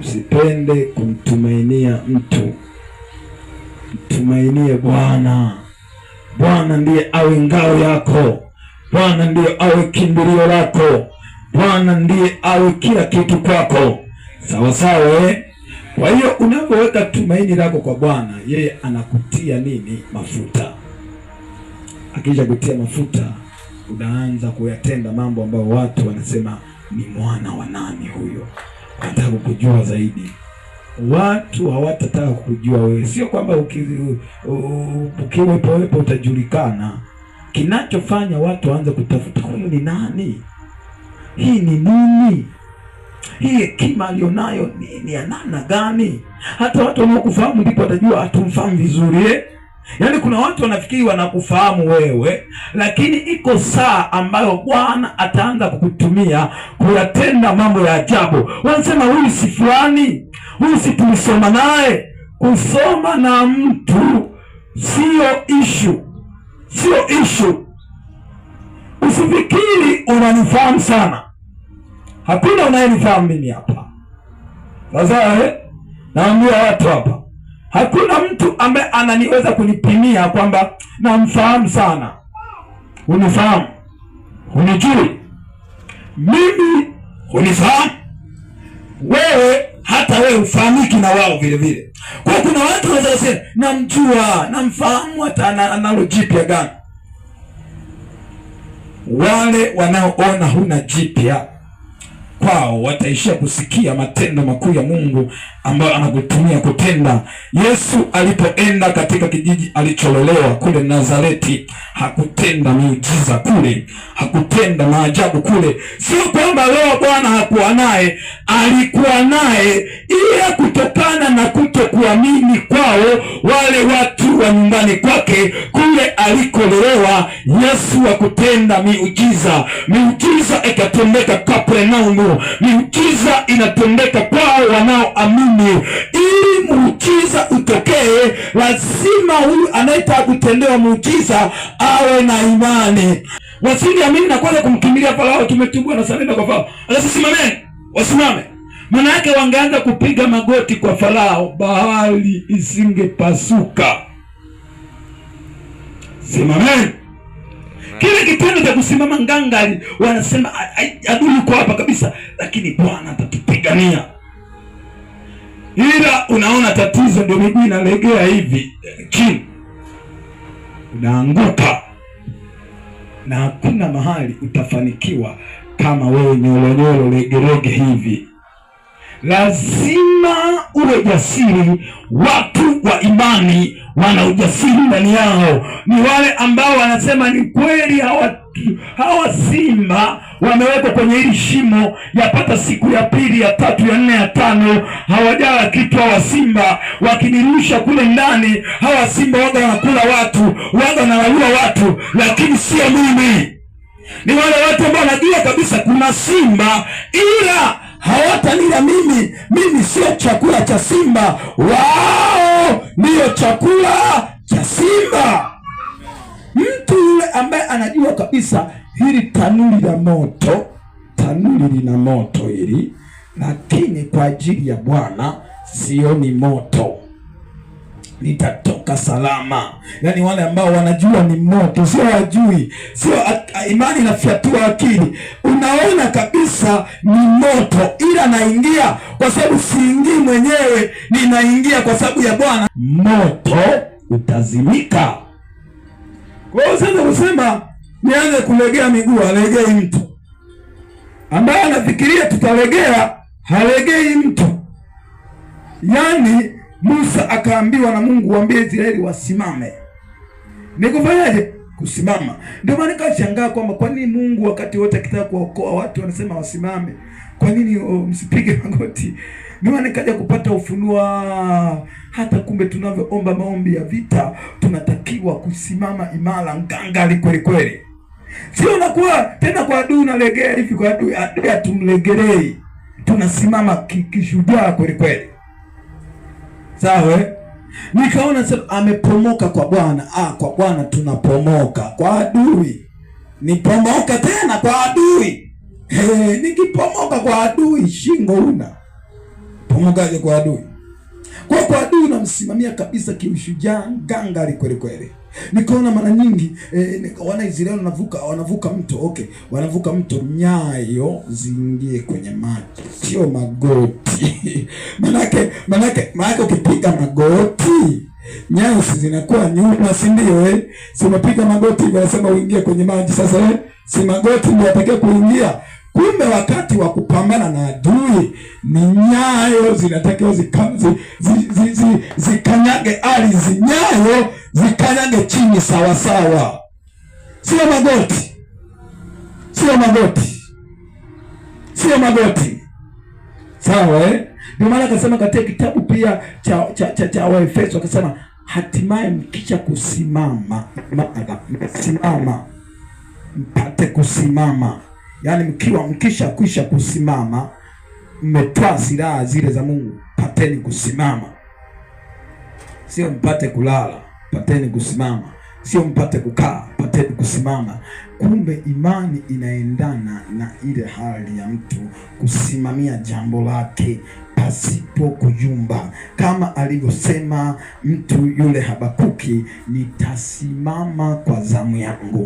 Usipende kumtumainia mtu, mtumainie Bwana. Bwana ndiye awe ngao yako, Bwana ndiye awe kimbilio lako, Bwana ndiye awe kila kitu kwako, sawa sawa, eh? Kwa hiyo unapoweka tumaini lako kwa Bwana, yeye anakutia nini? Mafuta. Akisha kutia mafuta, unaanza kuyatenda mambo ambayo watu wanasema ni mwana wa nani huyo? watataka kukujua zaidi. Watu hawatataka kukujua wewe. Sio kwamba ukiwepowepo utajulikana. Kinachofanya watu waanze kutafuta huyu ni nani, hii ni nini, hii hekima aliyonayo ni ya namna gani? Hata watu wanaokufahamu ndipo watajua hatumfahamu vizuri eh? Yaani kuna watu wanafikiri wanakufahamu wewe, lakini iko saa ambayo Bwana ataanza kukutumia kuyatenda mambo ya ajabu. Wanasema huyu si fulani, huyu si tulisoma naye. Kusoma na mtu sio ishu, sio ishu. Usifikiri unanifahamu sana, hakuna unayenifahamu mimi hapa. Sasa naambia watu hapa Hakuna mtu ambaye ananiweza kunipimia kwamba namfahamu sana, unifahamu, unijui mimi, unifahamu wewe, hata wewe ufahamiki na wao vile vile. Kwa kuna watu wanaweza kusema namjua, namfahamu, hata analo jipya gani. Wale wanaoona huna jipya kwao wataishia kusikia matendo makuu ya Mungu ambayo anakutumia kutenda. Yesu alipoenda katika kijiji alicholelewa kule Nazareti, hakutenda miujiza kule, hakutenda maajabu kule. Sio kwamba leo Bwana hakuwa naye, alikuwa naye, ila kutokana na kutokuamini kwao wale watu wa nyumbani kwake kule alikolelewa Yesu kutenda miujiza. Miujiza ikatendeka Kapernaumu, miujiza inatendeka kwao wanaoamini. Ili muujiza utokee, lazima huyu anayetaka kutendewa muujiza awe na imani. Wasingeamini na kwanza kumkimbilia Farao, tumetubua na salenda kwa Farao, alasisimameni wasimame maana yake wangeanza kupiga magoti kwa Farao, bahari isingepasuka simameni. Kile kitendo cha kusimama nganga, wanasema adui yuko hapa kabisa, lakini Bwana atatupigania. Ila unaona tatizo, ndio miguu inalegea hivi eh, chini, unaanguka na hakuna mahali utafanikiwa kama wewe nyolonyolo legelege hivi. Lazima uwe jasiri. Watu wa imani wana ujasiri ndani yao, ni wale ambao wanasema ni kweli, hawa hawa simba wamewekwa kwenye hili shimo, yapata siku ya pili ya tatu ya nne ya tano, hawajaa kitu. Hawa simba wakinirusha kule ndani, hawa simba waga wanakula watu, waga wanalaua watu, lakini sio mimi. Ni wale watu ambao wanajua kabisa kuna simba ila hawatanila mimi, mimi sio chakula cha simba, wao ndiyo chakula cha simba. Mtu yule ambaye anajua kabisa hili tanuri la moto, tanuri lina moto hili, lakini kwa ajili ya Bwana sioni moto nitato watatoka salama. Yaani wale ambao wanajua ni moto, sio wajui, sio imani inafyatua akili. Unaona kabisa ni moto, ila naingia kwa sababu siingii mwenyewe, ninaingia kwa sababu ya Bwana. Moto utazimika. Kwa hiyo sasa kusema nianze kulegea miguu, alegei mtu ambaye anafikiria tutalegea, halegei mtu, yaani Musa akaambiwa na Mungu, waambie Israeli wasimame. Nikufanyaje? Kusimama. Ndio maana nikashangaa kwamba kwa nini Mungu wakati wote akitaka kuokoa watu anasema wasimame, kwa nini oh, msipige magoti? Ndio maana nikaja kupata ufunuo, hata kumbe tunavyoomba maombi ya vita tunatakiwa kusimama imara, ngangali kweli kweli, sio nakuwa tena kwa adui unalegea hivi, kwa adui adui atumlegelei, tunasimama kishujaa kweli kweli sawa. Nikaona sasa amepomoka kwa Bwana. Ah, kwa Bwana tunapomoka, kwa adui nipomoka tena kwa adui. Hey, eh, nikipomoka kwa adui shingo una pomokaje kwa adui? Kwa kwa adui unamsimamia kabisa, kimshujaa ngangari kweli kweli. Nikaona mara nyingi eh, Israeli wanavuka wanavuka mto okay, wanavuka mto, nyayo ziingie kwenye maji, sio magoti manake manake manake ukipiga magoti nyayo zinakuwa nyuma, si ndio? Eh, si umepiga magoti, wanasema uingie kwenye maji. Sasa eh, si magoti ndio atakiwa kuingia Kumbe wakati wa kupambana na adui ni nyayo zinatakiwa zikanyage zi, zi, zi, zi ardhi, nyayo zikanyage chini sawasawa, sio magoti, sio magoti, sio magoti, sawa eh? Ndio maana akasema katika kitabu pia cha cha, cha, cha Waefeso akasema hatimaye mkisha kusimama simama mpate kusimama yaani mkiwa mkisha kwisha kusimama, mmetoa silaha zile za Mungu, pateni kusimama, sio mpate kulala, pateni kusimama, sio mpate kukaa, pateni kusimama. Kumbe imani inaendana na ile hali ya mtu kusimamia jambo lake pasipo kuyumba, kama alivyosema mtu yule Habakuki, nitasimama kwa zamu yangu.